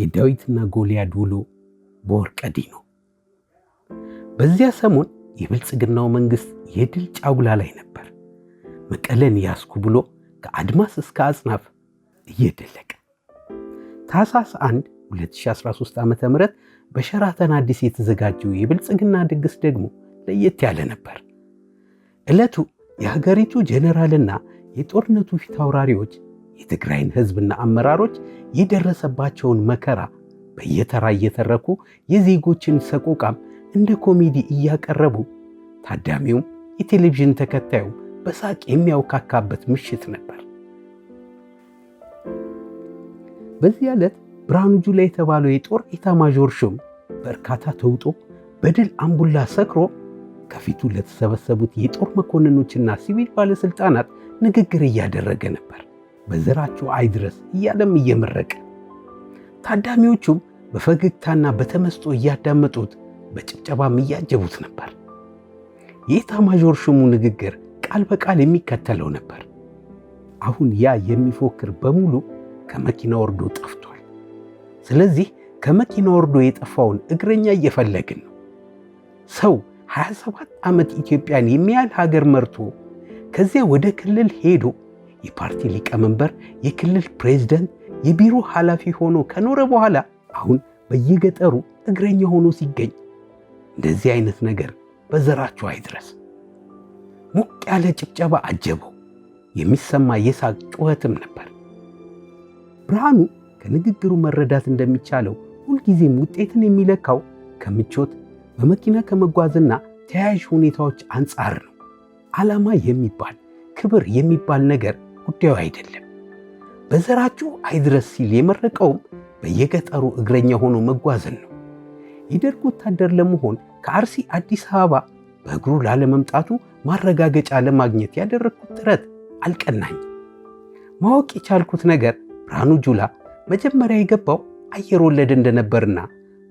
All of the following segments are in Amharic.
የዳዊትና ጎልያድ ውሎ በወርቀዲ ነው። በዚያ ሰሞን የብልጽግናው መንግሥት የድል ጫጉላ ላይ ነበር። መቀለን ያስኩ ብሎ ከአድማስ እስከ አጽናፍ እየደለቀ ታሳስ 1 2013 ዓ ም በሸራተን አዲስ የተዘጋጀው የብልጽግና ድግስ ደግሞ ለየት ያለ ነበር። ዕለቱ የሀገሪቱ ጀኔራልና የጦርነቱ ፊት አውራሪዎች የትግራይን ህዝብና አመራሮች የደረሰባቸውን መከራ በየተራ እየተረኩ የዜጎችን ሰቆቃም እንደ ኮሜዲ እያቀረቡ ታዳሚውም የቴሌቪዥን ተከታዩ በሳቅ የሚያውካካበት ምሽት ነበር። በዚህ ዕለት ብርሃኑ ጁላ የተባለው የጦር ኢታማዦር ሹም በእርካታ ተውጦ በድል አምቡላ ሰክሮ ከፊቱ ለተሰበሰቡት የጦር መኮንኖችና ሲቪል ባለሥልጣናት ንግግር እያደረገ ነበር። በዘራቸው አይድረስ እያለም እየመረቀ ታዳሚዎቹም በፈገግታና በተመስጦ እያዳመጡት በጭብጨባም እያጀቡት ነበር። የኢታማዦር ሹሙ ንግግር ቃል በቃል የሚከተለው ነበር። አሁን ያ የሚፎክር በሙሉ ከመኪና ወርዶ ጠፍቷል። ስለዚህ ከመኪና ወርዶ የጠፋውን እግረኛ እየፈለግን ነው። ሰው 27 ዓመት ኢትዮጵያን የሚያህል ሀገር መርቶ ከዚያ ወደ ክልል ሄዶ የፓርቲ ሊቀመንበር፣ የክልል ፕሬዝደንት፣ የቢሮ ኃላፊ ሆኖ ከኖረ በኋላ አሁን በየገጠሩ እግረኛ ሆኖ ሲገኝ እንደዚህ አይነት ነገር በዘራችሁ አይድረስ። ሞቅ ያለ ጭብጨባ አጀበው፣ የሚሰማ የሳቅ ጩኸትም ነበር። ብርሃኑ ከንግግሩ መረዳት እንደሚቻለው ሁልጊዜም ውጤትን የሚለካው ከምቾት በመኪና ከመጓዝና ተያያዥ ሁኔታዎች አንጻር ነው። ዓላማ የሚባል ክብር የሚባል ነገር ጉዳዩ አይደለም። በዘራችሁ አይድረስ ሲል የመረቀውም በየገጠሩ እግረኛ ሆኖ መጓዝን ነው። የደርግ ወታደር ለመሆን ከአርሲ አዲስ አበባ በእግሩ ላለመምጣቱ ማረጋገጫ ለማግኘት ያደረግኩት ጥረት አልቀናኝ። ማወቅ የቻልኩት ነገር ብርሃኑ ጁላ መጀመሪያ የገባው አየር ወለድ እንደነበርና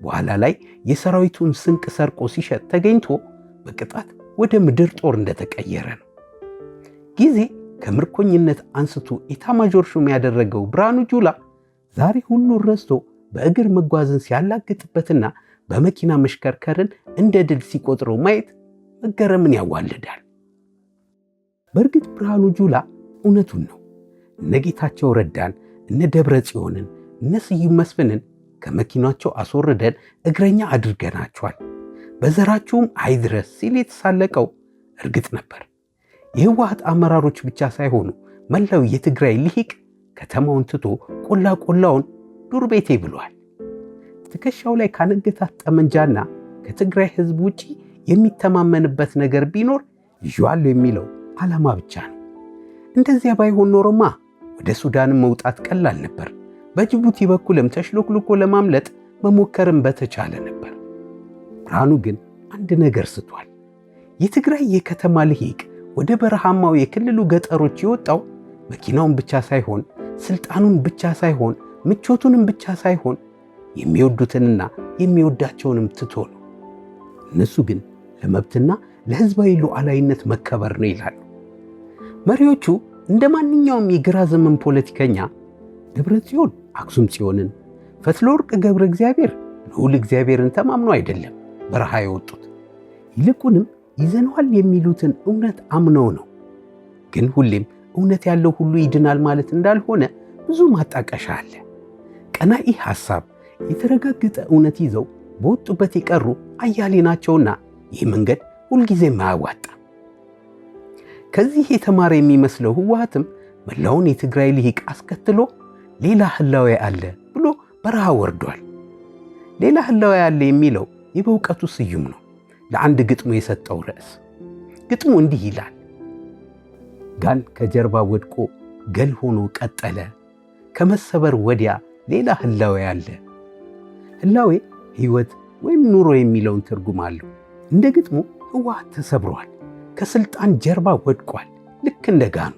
በኋላ ላይ የሰራዊቱን ስንቅ ሰርቆ ሲሸጥ ተገኝቶ በቅጣት ወደ ምድር ጦር እንደተቀየረ ነው። ጊዜ ከምርኮኝነት አንስቶ ኢታማጆር ሹም ያደረገው ብርሃኑ ጁላ ዛሬ ሁሉን ረስቶ በእግር መጓዝን ሲያላግጥበትና በመኪና መሽከርከርን እንደ ድል ሲቆጥረው ማየት መገረምን ያዋልዳል። በእርግጥ ብርሃኑ ጁላ እውነቱን ነው። እነ ጌታቸው ረዳን፣ እነ ደብረ ጽዮንን፣ እነ ስዩም መስፍንን ከመኪናቸው አስወርደን እግረኛ አድርገናቸዋል፣ በዘራቸውም አይድረስ ሲል የተሳለቀው እርግጥ ነበር። የህወሀት አመራሮች ብቻ ሳይሆኑ መላው የትግራይ ልሂቅ ከተማውን ትቶ ቆላ ቆላውን ዱር ቤቴ ብሏል። ትከሻው ላይ ካነገታት ጠመንጃና ከትግራይ ህዝብ ውጪ የሚተማመንበት ነገር ቢኖር ይዤዋለሁ የሚለው ዓላማ ብቻ ነው። እንደዚያ ባይሆን ኖሮማ ወደ ሱዳን መውጣት ቀላል ነበር። በጅቡቲ በኩልም ተሽሎክልኮ ለማምለጥ መሞከርም በተቻለ ነበር። ብርሃኑ ግን አንድ ነገር ስቷል። የትግራይ የከተማ ልሂቅ ወደ በረሃማው የክልሉ ገጠሮች የወጣው መኪናውን ብቻ ሳይሆን ስልጣኑን ብቻ ሳይሆን ምቾቱንም ብቻ ሳይሆን የሚወዱትንና የሚወዳቸውንም ትቶ ነው። እነሱ ግን ለመብትና ለሕዝባዊ ሉዓላዊነት መከበር ነው ይላሉ። መሪዎቹ እንደ ማንኛውም የግራ ዘመን ፖለቲከኛ ደብረ ጽዮን አክሱም ጽዮንን፣ ፈትለወርቅ ገብረ እግዚአብሔር ልዑል እግዚአብሔርን ተማምኖ አይደለም በረሃ የወጡት ይልቁንም ይዘነዋል የሚሉትን እውነት አምነው ነው። ግን ሁሌም እውነት ያለው ሁሉ ይድናል ማለት እንዳልሆነ ብዙ ማጣቀሻ አለ። ቀናኢ ሐሳብ፣ የተረጋገጠ እውነት ይዘው በወጡበት የቀሩ አያሌ ናቸውና ይህ መንገድ ሁልጊዜ አያዋጣም። ከዚህ የተማረ የሚመስለው ህወሓትም መላውን የትግራይ ልሂቅ አስከትሎ ሌላ ህላዊ አለ ብሎ በረሃ ወርዷል። ሌላ ህላዊ አለ የሚለው የበውቀቱ ስዩም ነው። ለአንድ ግጥሙ የሰጠው ርዕስ። ግጥሙ እንዲህ ይላል። ጋል ከጀርባ ወድቆ ገል ሆኖ ቀጠለ፣ ከመሰበር ወዲያ ሌላ ህላዌ አለ። ህላዌ ህይወት ወይም ኑሮ የሚለውን ትርጉም አለው። እንደ ግጥሙ ህወሓት ተሰብሯል፣ ከስልጣን ጀርባ ወድቋል፣ ልክ እንደ ጋኑ።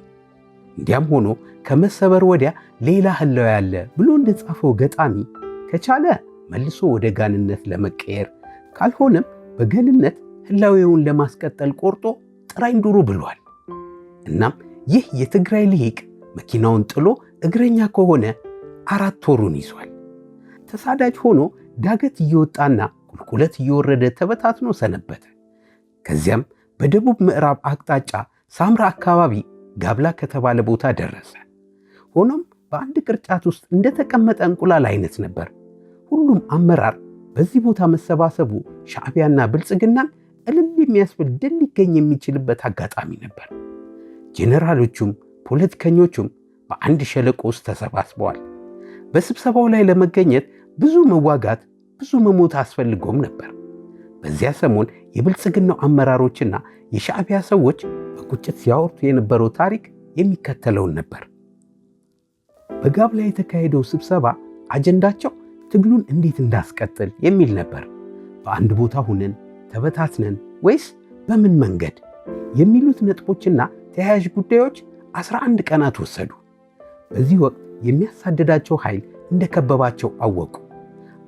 እንዲያም ሆኖ ከመሰበር ወዲያ ሌላ ህላዌ አለ ብሎ እንደጻፈው ገጣሚ ከቻለ መልሶ ወደ ጋንነት ለመቀየር ካልሆነም በገንነት ህላዊውን ለማስቀጠል ቆርጦ ጥራኝ ዱሩ ብሏል። እናም ይህ የትግራይ ልሂቅ መኪናውን ጥሎ እግረኛ ከሆነ አራት ወሩን ይዟል። ተሳዳጅ ሆኖ ዳገት እየወጣና ቁልቁለት እየወረደ ተበታትኖ ሰነበተ። ከዚያም በደቡብ ምዕራብ አቅጣጫ ሳምራ አካባቢ ጋብላ ከተባለ ቦታ ደረሰ። ሆኖም በአንድ ቅርጫት ውስጥ እንደተቀመጠ እንቁላል አይነት ነበር። ሁሉም አመራር በዚህ ቦታ መሰባሰቡ ሻዕቢያና ብልጽግናን እልል የሚያስብል ድል ሊገኝ የሚችልበት አጋጣሚ ነበር። ጄኔራሎቹም ፖለቲከኞቹም በአንድ ሸለቆ ውስጥ ተሰባስበዋል። በስብሰባው ላይ ለመገኘት ብዙ መዋጋት፣ ብዙ መሞት አስፈልጎም ነበር። በዚያ ሰሞን የብልጽግናው አመራሮችና የሻዕቢያ ሰዎች በቁጭት ሲያወርቱ የነበረው ታሪክ የሚከተለውን ነበር። በጋብ ላይ የተካሄደው ስብሰባ አጀንዳቸው ትግሉን እንዴት እንዳስቀጥል የሚል ነበር። በአንድ ቦታ ሁነን ተበታትነን ወይስ በምን መንገድ የሚሉት ነጥቦችና ተያያዥ ጉዳዮች 11 ቀናት ወሰዱ። በዚህ ወቅት የሚያሳድዳቸው ኃይል እንደከበባቸው አወቁ።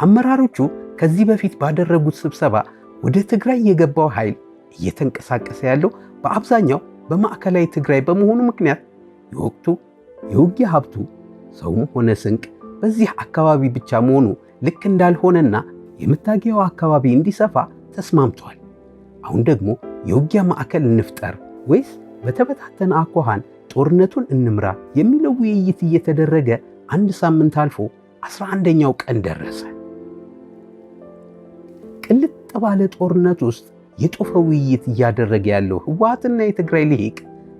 አመራሮቹ ከዚህ በፊት ባደረጉት ስብሰባ ወደ ትግራይ የገባው ኃይል እየተንቀሳቀሰ ያለው በአብዛኛው በማዕከላዊ ትግራይ በመሆኑ ምክንያት የወቅቱ የውጊያ ሀብቱ ሰውም ሆነ ስንቅ በዚህ አካባቢ ብቻ መሆኑ ልክ እንዳልሆነና የምታገያው አካባቢ እንዲሰፋ ተስማምቷል። አሁን ደግሞ የውጊያ ማዕከል እንፍጠር ወይስ በተበታተነ አኳኋን ጦርነቱን እንምራ የሚለው ውይይት እየተደረገ አንድ ሳምንት አልፎ 11ኛው ቀን ደረሰ። ቅልጥ ባለ ጦርነት ውስጥ የጦፈ ውይይት እያደረገ ያለው ህወሓትና የትግራይ ልሂቅ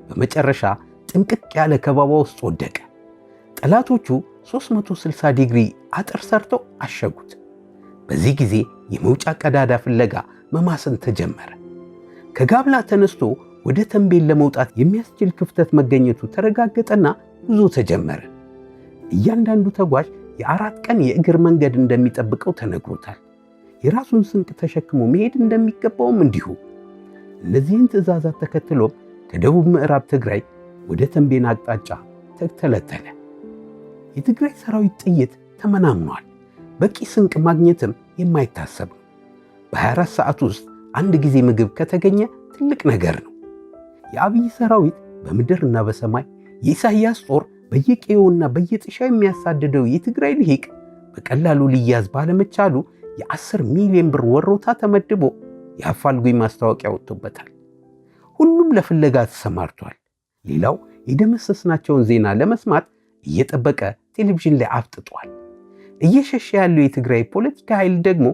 በመጨረሻ ጥንቅቅ ያለ ከባባ ውስጥ ወደቀ። ጠላቶቹ 360 ዲግሪ አጥር ሰርተው አሸጉት። በዚህ ጊዜ የመውጫ ቀዳዳ ፍለጋ መማሰን ተጀመረ። ከጋብላ ተነስቶ ወደ ተንቤን ለመውጣት የሚያስችል ክፍተት መገኘቱ ተረጋገጠና ጉዞ ተጀመረ። እያንዳንዱ ተጓዥ የአራት ቀን የእግር መንገድ እንደሚጠብቀው ተነግሮታል። የራሱን ስንቅ ተሸክሞ መሄድ እንደሚገባውም እንዲሁ። እነዚህን ትዕዛዛት ተከትሎም ከደቡብ ምዕራብ ትግራይ ወደ ተንቤን አቅጣጫ ተተለተለ። የትግራይ ሰራዊት ጥይት ተመናምኗል። በቂ ስንቅ ማግኘትም የማይታሰብ ነው። በ24 ሰዓት ውስጥ አንድ ጊዜ ምግብ ከተገኘ ትልቅ ነገር ነው። የአብይ ሰራዊት በምድርና በሰማይ የኢሳይያስ ጦር በየቀዬውና በየጥሻው የሚያሳድደው የትግራይ ልሂቅ በቀላሉ ሊያዝ ባለመቻሉ የ10 ሚሊዮን ብር ወሮታ ተመድቦ የአፋልጉኝ ማስታወቂያ ወጥቶበታል። ሁሉም ለፍለጋ ተሰማርቷል። ሌላው የደመሰስናቸውን ዜና ለመስማት እየጠበቀ ቴሌቪዥን ላይ አፍጥጧል። እየሸሸ ያለው የትግራይ ፖለቲካ ኃይል ደግሞ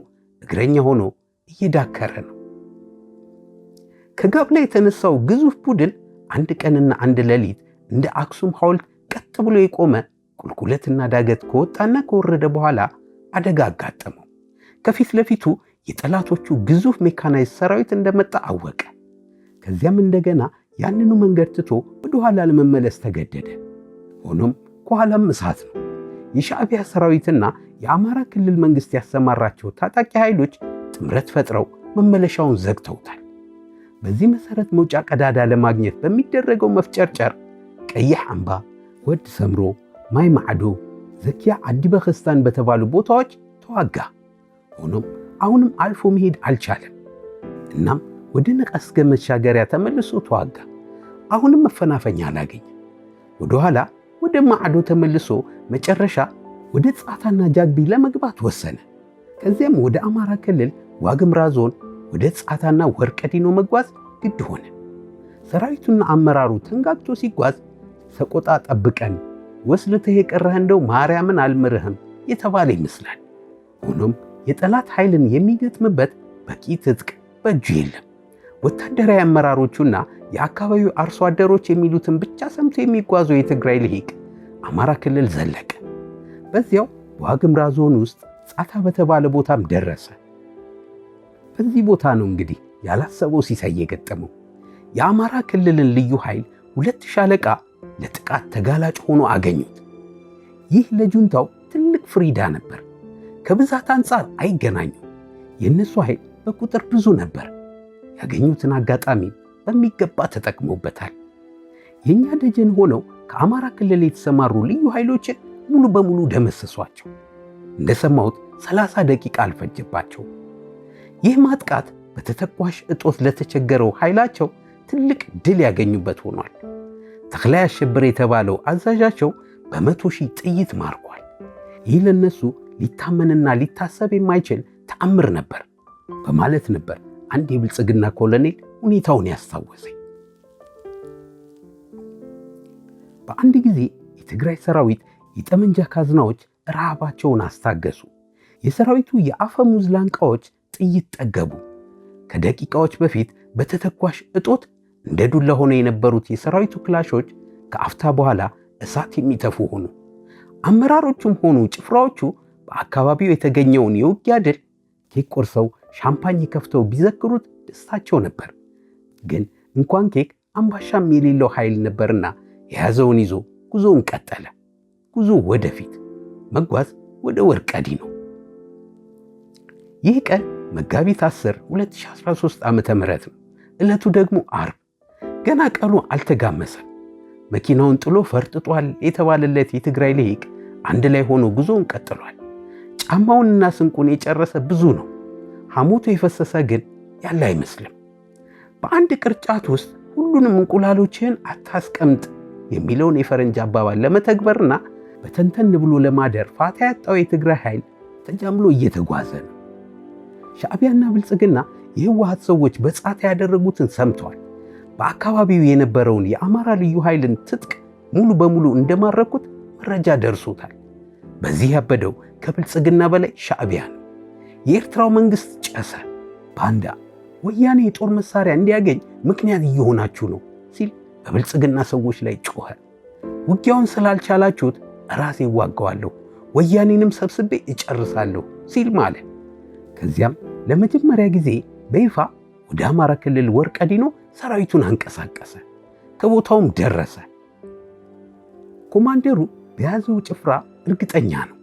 እግረኛ ሆኖ እየዳከረ ነው። ከጋብላ የተነሳው ግዙፍ ቡድን አንድ ቀንና አንድ ሌሊት እንደ አክሱም ሐውልት ቀጥ ብሎ የቆመ ቁልቁለትና ዳገት ከወጣና ከወረደ በኋላ አደጋ አጋጠመው። ከፊት ለፊቱ የጠላቶቹ ግዙፍ ሜካናይዝ ሰራዊት እንደመጣ አወቀ። ከዚያም እንደገና ያንኑ መንገድ ትቶ ወደ ኋላ ለመመለስ ተገደደ። ሆኖም ከኋላም እሳት ነው። የሻዕቢያ ሰራዊትና የአማራ ክልል መንግስት ያሰማራቸው ታጣቂ ኃይሎች ጥምረት ፈጥረው መመለሻውን ዘግተውታል። በዚህ መሰረት መውጫ ቀዳዳ ለማግኘት በሚደረገው መፍጨርጨር ቀይሕ አምባ፣ ወድ ሰምሮ፣ ማይ ማዕዶ፣ ዘኪያ አዲበከስታን በተባሉ ቦታዎች ተዋጋ። ሆኖም አሁንም አልፎ መሄድ አልቻለም። እናም ወደ ነቀስገ መሻገሪያ ተመልሶ ተዋጋ። አሁንም መፈናፈኛ አላገኝም። ወደኋላ ወደ ማዕዶ ተመልሶ መጨረሻ ወደ ጻታና ጃግቢ ለመግባት ወሰነ። ከዚያም ወደ አማራ ክልል ዋግምራ ዞን ወደ ጻታና ወርቀዲኖ መጓዝ ግድ ሆነ። ሰራዊቱና አመራሩ ተንጋግቶ ሲጓዝ ሰቆጣ ጠብቀን ወስልተህ የቀረህ እንደው ማርያምን አልምርህም የተባለ ይመስላል። ሆኖም የጠላት ኃይልን የሚገጥምበት በቂ ትጥቅ በእጁ የለም። ወታደራዊ አመራሮቹና የአካባቢው አርሶ አደሮች የሚሉትን ብቻ ሰምቶ የሚጓዙ የትግራይ ልሂቅ አማራ ክልል ዘለቀ። በዚያው በዋግምራ ዞን ውስጥ ጻታ በተባለ ቦታም ደረሰ። በዚህ ቦታ ነው እንግዲህ ያላሰበው ሲሳይ የገጠመው። የአማራ ክልልን ልዩ ኃይል ሁለት ሻለቃ ለጥቃት ተጋላጭ ሆኖ አገኙት። ይህ ለጁንታው ትልቅ ፍሪዳ ነበር። ከብዛት አንጻር አይገናኙም። የእነሱ ኃይል በቁጥር ብዙ ነበር። ያገኙትን አጋጣሚ በሚገባ ተጠቅመውበታል። የእኛ ደጀን ሆነው ከአማራ ክልል የተሰማሩ ልዩ ኃይሎችን ሙሉ በሙሉ ደመሰሷቸው። እንደሰማሁት 30 ደቂቃ አልፈጀባቸው። ይህ ማጥቃት በተተኳሽ እጦት ለተቸገረው ኃይላቸው ትልቅ ድል ያገኙበት ሆኗል። ተክላይ አሸብር የተባለው አዛዣቸው በመቶ ሺህ ጥይት ማርኳል። ይህ ለነሱ ሊታመንና ሊታሰብ የማይችል ተአምር ነበር በማለት ነበር አንድ የብልጽግና ኮሎኔል ሁኔታውን ያስታወሰኝ። በአንድ ጊዜ የትግራይ ሰራዊት የጠመንጃ ካዝናዎች ረሃባቸውን አስታገሱ። የሰራዊቱ የአፈሙዝ ላንቃዎች ጥይት ጠገቡ። ከደቂቃዎች በፊት በተተኳሽ እጦት እንደ ዱላ ሆነው የነበሩት የሰራዊቱ ክላሾች ከአፍታ በኋላ እሳት የሚተፉ ሆኑ። አመራሮቹም ሆኑ ጭፍራዎቹ በአካባቢው የተገኘውን የውጊያ ድል ኬክ ቆርሰው ሻምፓኝ ከፍተው ቢዘክሩት ደስታቸው ነበር። ግን እንኳን ኬክ አምባሻም የሌለው ኃይል ነበርና የያዘውን ይዞ ጉዞውን ቀጠለ። ጉዞ ወደፊት መጓዝ ወደ ወርቀዲ ነው። ይህ ቀን መጋቢት 10 2013 ዓ.ም ነው። ዕለቱ ደግሞ አርብ። ገና ቀኑ አልተጋመሰም። መኪናውን ጥሎ ፈርጥጧል የተባለለት የትግራይ ልሂቅ አንድ ላይ ሆኖ ጉዞውን ቀጥሏል። ጫማውንና ስንቁን የጨረሰ ብዙ ነው። ሐሞቱ የፈሰሰ ግን ያለ አይመስልም። በአንድ ቅርጫት ውስጥ ሁሉንም እንቁላሎችህን አታስቀምጥ የሚለውን የፈረንጅ አባባል ለመተግበርና በተንተን ብሎ ለማደር ፋታ ያጣው የትግራይ ኃይል ተጃምሎ እየተጓዘ ነው። ሻዕቢያና ብልጽግና የህወሀት ሰዎች በጻታ ያደረጉትን ሰምተዋል። በአካባቢው የነበረውን የአማራ ልዩ ኃይልን ትጥቅ ሙሉ በሙሉ እንደማረኩት መረጃ ደርሶታል። በዚህ ያበደው ከብልጽግና በላይ ሻዕቢያ ነው። የኤርትራው መንግሥት ጨሰ። ባንዳ ወያኔ የጦር መሳሪያ እንዲያገኝ ምክንያት እየሆናችሁ ነው በብልጽግና ሰዎች ላይ ጮኸ። ውጊያውን ስላልቻላችሁት ራሴ እዋጋዋለሁ፣ ወያኔንም ሰብስቤ እጨርሳለሁ ሲል ማለ። ከዚያም ለመጀመሪያ ጊዜ በይፋ ወደ አማራ ክልል ወርቀዲኖ ሰራዊቱን አንቀሳቀሰ። ከቦታውም ደረሰ። ኮማንደሩ በያዘው ጭፍራ እርግጠኛ ነው።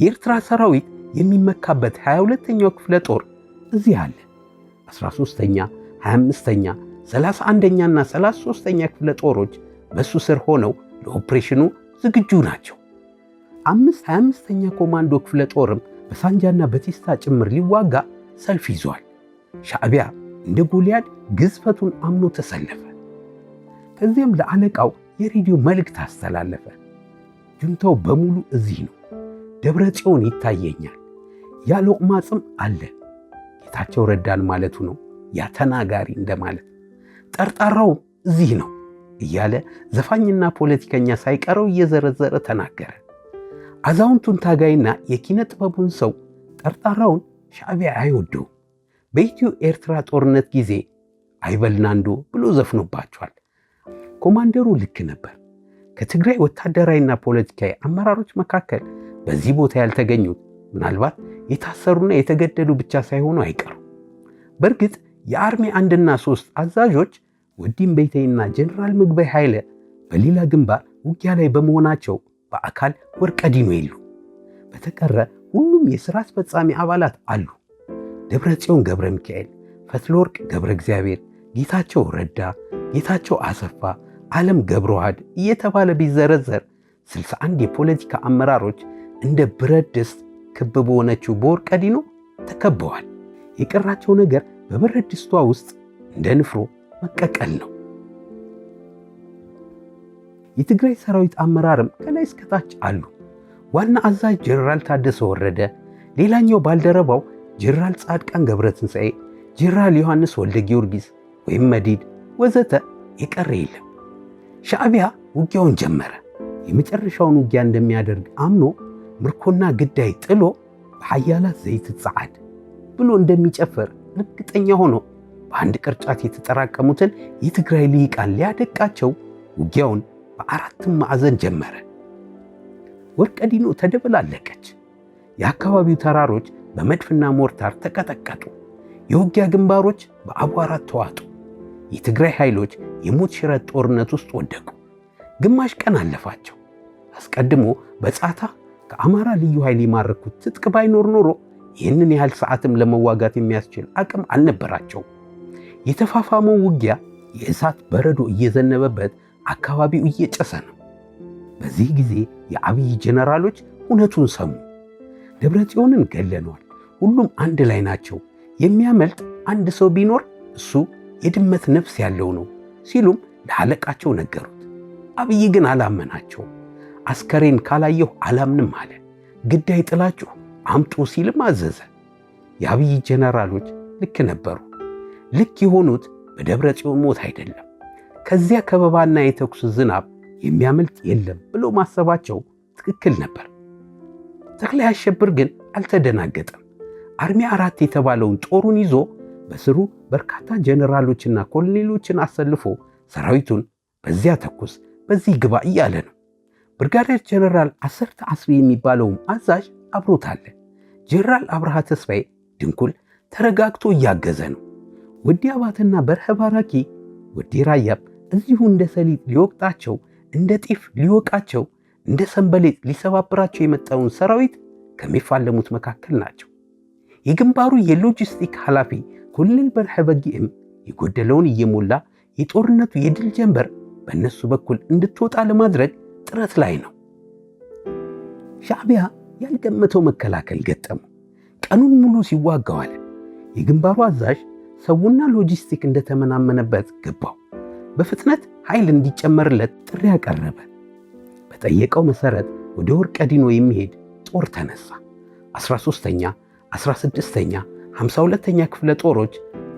የኤርትራ ሰራዊት የሚመካበት 22ኛው ክፍለ ጦር እዚህ አለ። 13ኛ፣ 25ኛ ሰላሳ አንደኛና ሰላሳ ሦስተኛ ክፍለ ጦሮች በእሱ ስር ሆነው ለኦፕሬሽኑ ዝግጁ ናቸው። አምስት 25 ኮማንዶ ክፍለ ጦርም በሳንጃና በቴስታ ጭምር ሊዋጋ ሰልፍ ይዟል። ሻዕቢያ እንደ ጎልያድ ግዝፈቱን አምኖ ተሰለፈ። ከዚያም ለአለቃው የሬዲዮ መልእክት አስተላለፈ። ጁንታው በሙሉ እዚህ ነው፣ ደብረ ጽዮን ይታየኛል፣ ያ ሎቅማ ጽም አለ። ጌታቸው ረዳን ማለቱ ነው፣ ያ ተናጋሪ እንደማለት ጠርጣራው እዚህ ነው እያለ ዘፋኝና ፖለቲከኛ ሳይቀረው እየዘረዘረ ተናገረ። አዛውንቱን ታጋይና የኪነ ጥበቡን ሰው ጠርጣራውን ሻዕቢያ አይወደውም። በኢትዮ ኤርትራ ጦርነት ጊዜ አይበልናንዶ ብሎ ዘፍኖባቸዋል። ኮማንደሩ ልክ ነበር። ከትግራይ ወታደራዊና ፖለቲካዊ አመራሮች መካከል በዚህ ቦታ ያልተገኙት ምናልባት የታሰሩና የተገደሉ ብቻ ሳይሆኑ አይቀሩም። በእርግጥ የአርሚ አንድና ሶስት አዛዦች ወዲም ቤተይና ጀኔራል ምግበይ ኃይለ በሌላ ግንባር ውጊያ ላይ በመሆናቸው በአካል ወርቀዲኖ የሉ። በተቀረ ሁሉም የሥራ አስፈጻሚ አባላት አሉ። ደብረ ጽዮን ገብረ ሚካኤል፣ ፈትለወርቅ ገብረ እግዚአብሔር፣ ጌታቸው ረዳ፣ ጌታቸው አሰፋ፣ ዓለም ገብረዋህድ እየተባለ ቢዘረዘር 61 የፖለቲካ አመራሮች እንደ ብረት ድስት ክብ በሆነችው በወርቀዲኖ ተከበዋል። የቀራቸው ነገር በብረት ድስቷ ውስጥ እንደ ንፍሮ መቀቀል ነው። የትግራይ ሰራዊት አመራርም ከላይ እስከታች አሉ። ዋና አዛዥ ጀነራል ታደሰ ወረደ፣ ሌላኛው ባልደረባው ጀነራል ጻድቃን ገብረትንሳኤ፣ ጀነራል ዮሐንስ ወልደ ጊዮርጊስ ወይም መዲድ ወዘተ የቀረ የለም። ሻዕቢያ ውጊያውን ጀመረ። የመጨረሻውን ውጊያ እንደሚያደርግ አምኖ ምርኮና ግዳይ ጥሎ ዘይት ዘይትጸዓድ ብሎ እንደሚጨፍር እርግጠኛ ሆኖ በአንድ ቅርጫት የተጠራቀሙትን የትግራይ ልሂቃን ሊያደቃቸው ውጊያውን በአራትም ማዕዘን ጀመረ። ወርቀዲኖ ተደበላለቀች። የአካባቢው ተራሮች በመድፍና ሞርታር ተቀጠቀጡ። የውጊያ ግንባሮች በአቧራት ተዋጡ። የትግራይ ኃይሎች የሞት ሽረት ጦርነት ውስጥ ወደቁ። ግማሽ ቀን አለፋቸው። አስቀድሞ በጻታ ከአማራ ልዩ ኃይል የማረኩት ትጥቅ ባይኖር ኖሮ ይህንን ያህል ሰዓትም ለመዋጋት የሚያስችል አቅም አልነበራቸው። የተፋፋመው ውጊያ የእሳት በረዶ እየዘነበበት አካባቢው እየጨሰ ነው። በዚህ ጊዜ የአብይ ጀነራሎች እውነቱን ሰሙ። ደብረ ጽዮንን ገለነዋል፣ ሁሉም አንድ ላይ ናቸው፣ የሚያመልጥ አንድ ሰው ቢኖር እሱ የድመት ነፍስ ያለው ነው ሲሉም ለአለቃቸው ነገሩት። አብይ ግን አላመናቸው። አስከሬን ካላየሁ አላምንም አለ። ግዳይ ጥላችሁ አምጡ ሲልም አዘዘ። የአብይ ጀነራሎች ልክ ነበሩ። ልክ የሆኑት በደብረ ጽዮን ሞት አይደለም፣ ከዚያ ከበባና የተኩስ ዝናብ የሚያመልጥ የለም ብሎ ማሰባቸው ትክክል ነበር። ተክለ አሸብር ግን አልተደናገጠም። አርሚ አራት የተባለውን ጦሩን ይዞ በስሩ በርካታ ጀነራሎችና ኮሎኔሎችን አሰልፎ ሰራዊቱን በዚያ ተኩስ፣ በዚህ ግባ እያለ ነው። ብርጋዴር ጀነራል አሰርተ አስሪ የሚባለውም አዛዥ አብሮታለን። ጀነራል አብርሃ ተስፋዬ ድንኩል ተረጋግቶ እያገዘ ነው። ወዲ አባትና በርሀ ባራኪ ወዲ ራያብ እዚሁ እንደ ሰሊጥ ሊወቅጣቸው፣ እንደ ጤፍ ሊወቃቸው፣ እንደ ሰንበሌጥ ሊሰባብራቸው የመጣውን ሰራዊት ከሚፋለሙት መካከል ናቸው። የግንባሩ የሎጂስቲክ ኃላፊ ኮሎኔል በርሀ በጊዕም የጎደለውን እየሞላ የጦርነቱ የድል ጀንበር በእነሱ በኩል እንድትወጣ ለማድረግ ጥረት ላይ ነው ሻዕቢያ ያልገመተው መከላከል ገጠሙ። ቀኑን ሙሉ ሲዋጋዋል። የግንባሩ አዛዥ ሰውና ሎጂስቲክ እንደተመናመነበት ገባው። በፍጥነት ኃይል እንዲጨመርለት ጥሪ ያቀረበ። በጠየቀው መሰረት ወደ ወርቀዲኖ የሚሄድ ጦር ተነሳ። 13ኛ፣ 16ኛ፣ 52ኛ ክፍለ ጦሮች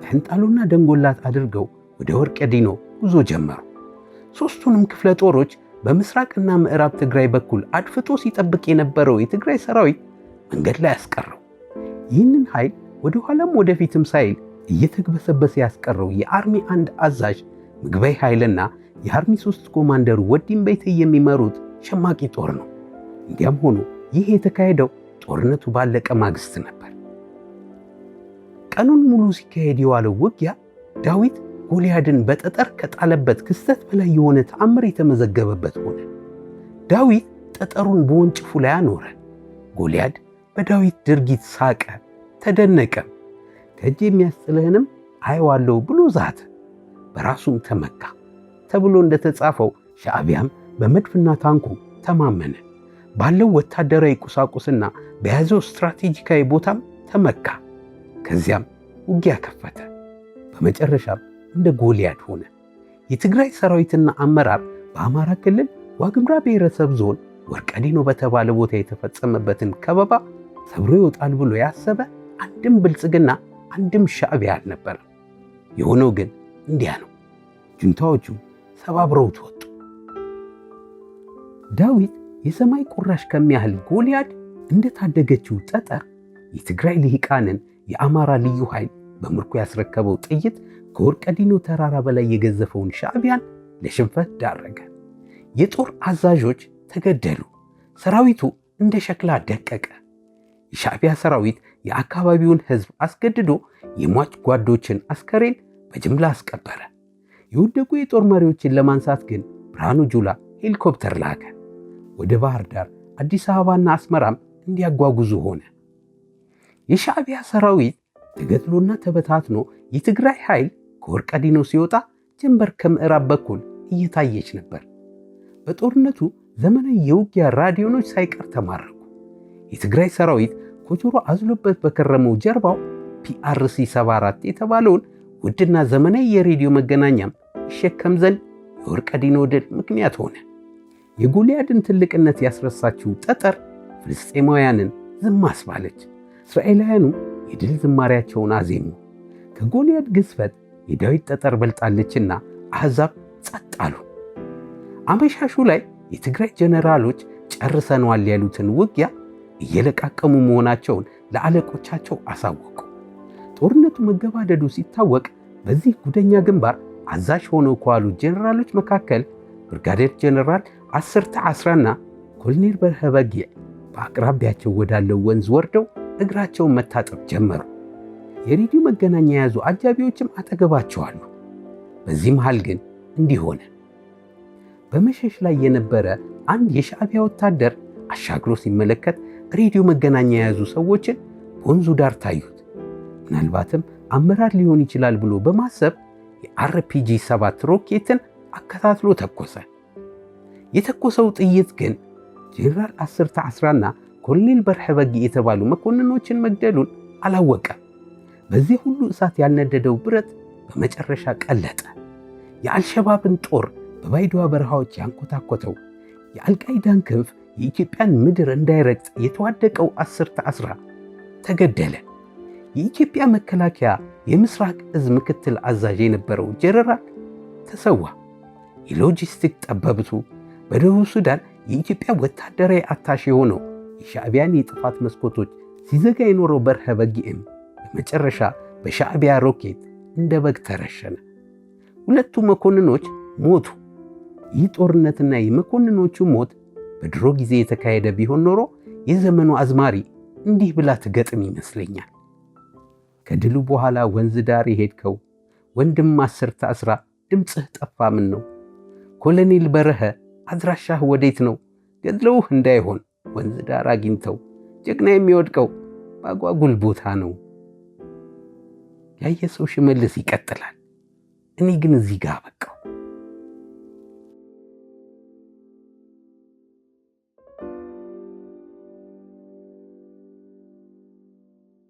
ተንጣሎና ደንጎላት አድርገው ወደ ወርቀዲኖ ጉዞ ጀመሩ። ሦስቱንም ክፍለ ጦሮች በምስራቅና ምዕራብ ትግራይ በኩል አድፍጦ ሲጠብቅ የነበረው የትግራይ ሰራዊት መንገድ ላይ ያስቀረው ይህንን ኃይል ወደ ኋላም ወደፊትም ሳይል እየተግበሰበሰ ያስቀረው የአርሚ አንድ አዛዥ ምግበይ ኃይልና የአርሚ ሶስት ኮማንደሩ ወዲም ቤት የሚመሩት ሸማቂ ጦር ነው። እንዲያም ሆኖ ይህ የተካሄደው ጦርነቱ ባለቀ ማግስት ነበር። ቀኑን ሙሉ ሲካሄድ የዋለው ውጊያ ዳዊት ጎልያድን በጠጠር ከጣለበት ክስተት በላይ የሆነ ተአምር የተመዘገበበት ሆነ። ዳዊት ጠጠሩን በወንጭፉ ላይ አኖረ። ጎልያድ በዳዊት ድርጊት ሳቀ፣ ተደነቀም። ከእጅ የሚያስጥልህንም አየዋለሁ ብሎ ዛተ፣ በራሱም ተመካ ተብሎ እንደተጻፈው ሻዕቢያም በመድፍና ታንኩ ተማመነ። ባለው ወታደራዊ ቁሳቁስና በያዘው ስትራቴጂካዊ ቦታም ተመካ። ከዚያም ውጊያ ከፈተ። በመጨረሻም እንደ ጎልያድ ሆነ። የትግራይ ሰራዊትና አመራር በአማራ ክልል ዋግምራ ብሔረሰብ ዞን ወርቀዲኖ በተባለ ቦታ የተፈጸመበትን ከበባ ሰብሮ ይወጣል ብሎ ያሰበ አንድም ብልጽግና አንድም ሻዕቢያ አልነበረም። የሆነው ግን እንዲያ ነው። ጁንታዎቹ ሰባብረውት ወጡ። ዳዊት የሰማይ ቁራሽ ከሚያህል ጎልያድ እንደታደገችው ጠጠር የትግራይ ልሂቃንን የአማራ ልዩ ኃይል በምርኮ ያስረከበው ጥይት ከወርቀዲኖ ተራራ በላይ የገዘፈውን ሻዕቢያን ለሽንፈት ዳረገ። የጦር አዛዦች ተገደሉ። ሰራዊቱ እንደ ሸክላ ደቀቀ። የሻዕቢያ ሰራዊት የአካባቢውን ሕዝብ አስገድዶ የሟች ጓዶችን አስከሬን በጅምላ አስቀበረ። የወደቁ የጦር መሪዎችን ለማንሳት ግን ብርሃኑ ጁላ ሄሊኮፕተር ላከ። ወደ ባህር ዳር፣ አዲስ አበባና አስመራም እንዲያጓጉዙ ሆነ። የሻዕቢያ ሰራዊት ተገድሎና ተበታትኖ የትግራይ ኃይል ከወርቀዲኖ ሲወጣ ጀንበር ከምዕራብ በኩል እየታየች ነበር። በጦርነቱ ዘመናዊ የውጊያ ራዲዮኖች ሳይቀር ተማረኩ። የትግራይ ሰራዊት ኮቾሮ አዝሎበት በከረመው ጀርባው ፒአርሲ 74 የተባለውን ውድና ዘመናዊ የሬዲዮ መገናኛም ይሸከም ዘንድ የወርቀዲኖ ድል ምክንያት ሆነ። የጎልያድን ትልቅነት ያስረሳችው ጠጠር ፍልስጤማውያንን ዝም አስባለች። እስራኤላውያኑ የድል ዝማሪያቸውን አዜሙ። ከጎልያድ ግዝፈት የዳዊት ጠጠር በልጣለችና አሕዛብ ጸጥ አሉ። አመሻሹ ላይ የትግራይ ጀነራሎች ጨርሰነዋል ያሉትን ውጊያ እየለቃቀሙ መሆናቸውን ለአለቆቻቸው አሳወቁ። ጦርነቱ መገባደዱ ሲታወቅ በዚህ ጉደኛ ግንባር አዛዥ ሆነው ከዋሉት ጀነራሎች መካከል ብርጋዴር ጀነራል አስርተ አስራና ኮሎኔል በርሀ በጌዕ በአቅራቢያቸው ወዳለው ወንዝ ወርደው እግራቸውን መታጠብ ጀመሩ። የሬዲዮ መገናኛ የያዙ አጃቢዎችም አጠገባቸው አሉ። በዚህ መሃል ግን እንዲህ ሆነ። በመሸሽ ላይ የነበረ አንድ የሻዕቢያ ወታደር አሻግሮ ሲመለከት ሬዲዮ መገናኛ የያዙ ሰዎችን ወንዙ ዳር ታዩት። ምናልባትም አመራር ሊሆን ይችላል ብሎ በማሰብ የአርፒጂ ሰባት ሮኬትን አከታትሎ ተኮሰ። የተኮሰው ጥይት ግን ጄኔራል አስርታ አስራና ኮሎኔል በርሀ በግ የተባሉ መኮንኖችን መግደሉን አላወቀም። በዚህ ሁሉ እሳት ያልነደደው ብረት በመጨረሻ ቀለጠ። የአልሸባብን ጦር በባይዶዋ በረሃዎች ያንኮታኮተው የአልቃይዳን ክንፍ የኢትዮጵያን ምድር እንዳይረግጥ የተዋደቀው አስርተ አስራ ተገደለ። የኢትዮጵያ መከላከያ የምስራቅ እዝ ምክትል አዛዥ የነበረው ጀነራል ተሰዋ። የሎጂስቲክ ጠበብቱ በደቡብ ሱዳን የኢትዮጵያ ወታደራዊ አታሽ የሆነው የሻዕቢያን የጥፋት መስኮቶች ሲዘጋ የኖረው በርሀ በጊዕም በመጨረሻ በሻዕቢያ ሮኬት እንደ በግ ተረሸነ። ሁለቱ መኮንኖች ሞቱ። ይህ ጦርነትና የመኮንኖቹ ሞት በድሮ ጊዜ የተካሄደ ቢሆን ኖሮ የዘመኑ አዝማሪ እንዲህ ብላ ትገጥም ይመስለኛል። ከድሉ በኋላ ወንዝ ዳር የሄድከው ወንድም አስርተ አስራ ድምፅህ ጠፋ ምን ነው ኮሎኔል በረኸ አድራሻህ ወዴት ነው ገድለውህ እንዳይሆን ወንዝ ዳር አግኝተው ጀግና የሚወድቀው ባጓጉል ቦታ ነው። ያየ ሰው ሽመልስ ይቀጥላል። እኔ ግን እዚህ ጋር በቃው።